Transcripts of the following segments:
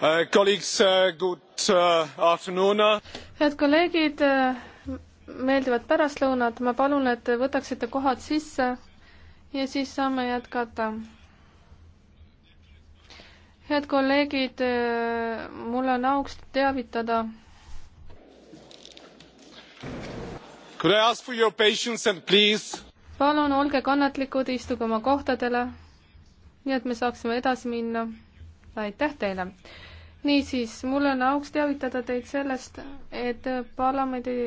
Uh, uh, uh, head kolleegid, meeldivat pärastlõunat, ma palun, et võtaksite kohad sisse ja siis saame jätkata. head kolleegid, mul on auks teavitada. Could I ask for your patience and please? palun olge kannatlikud, istuge oma kohtadele, nii et me saaksime edasi minna. aitäh teile! niisiis, mul on auks teavitada teid sellest, et parlamendi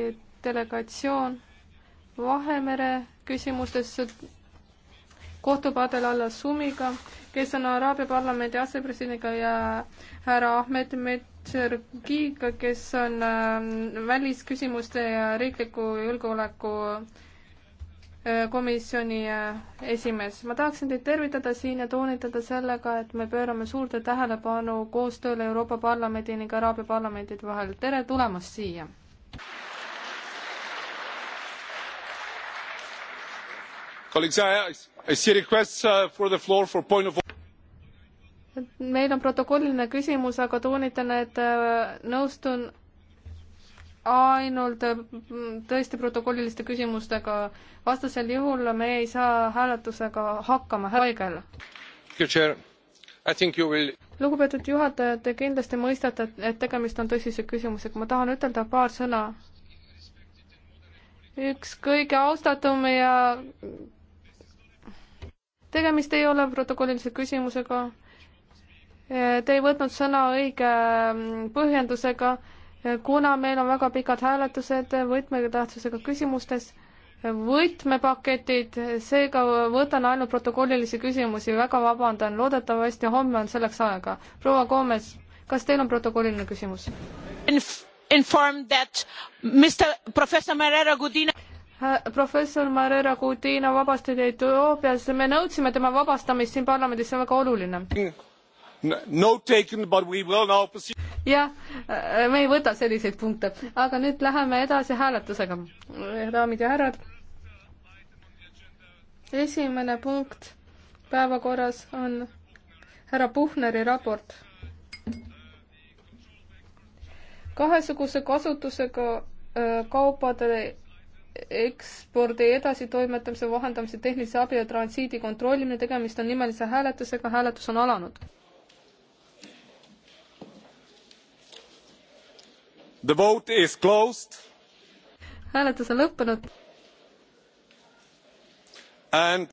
delegatsioon Vahemere küsimustes kohtub Adel Al-Assumiga, kes on Araabia parlamendi asepresidendiga ja härra Ahmed Medžergiga, kes on ähm, välisküsimuste ja riikliku julgeoleku Äh, komisjoni äh, esimees, ma tahaksin teid tervitada siin ja toonitada sellega, et me pöörame suurde tähelepanu koostööle Euroopa Parlamendi ning Araabia parlamentide vahel. tere tulemast siia! Uh, meil on protokolliline küsimus, aga toonitan, et äh, nõustun ainult äh, tõesti protokolliliste küsimustega, vastasel juhul me ei saa hääletusega hakkama, haigel. Will... lugupeetud juhataja, te kindlasti mõistate, et tegemist on tõsise küsimusega, ma tahan ütelda paar sõna. üks kõige austatum ja tegemist ei ole protokollilise küsimusega. Te ei võtnud sõna õige mm, põhjendusega kuna meil on väga pikad hääletused võtmetähtsusega küsimustes, võtmepaketid, seega võtan ainult protokollilisi küsimusi, väga vabandan, loodetavasti homme on selleks aega. proua Koomes, kas teil on protokolliline küsimus? professor Marera Gudina vabastati Etioopias, me nõudsime tema vabastamist siin parlamendis, see on väga oluline. Note taken, but we will now proceed jah, äh, me ei võta selliseid punkte, aga nüüd läheme edasi hääletusega. daamid ja härrad. esimene punkt päevakorras on härra Puhneri raport. kahesuguse kasutusega äh, kaupade ekspordi edasitoimetamise, vahendamise, tehnilise abi ja transiidi kontrollimine, tegemist on nimelise hääletusega, hääletus on alanud The vote is closed. hääletus on lõppenud.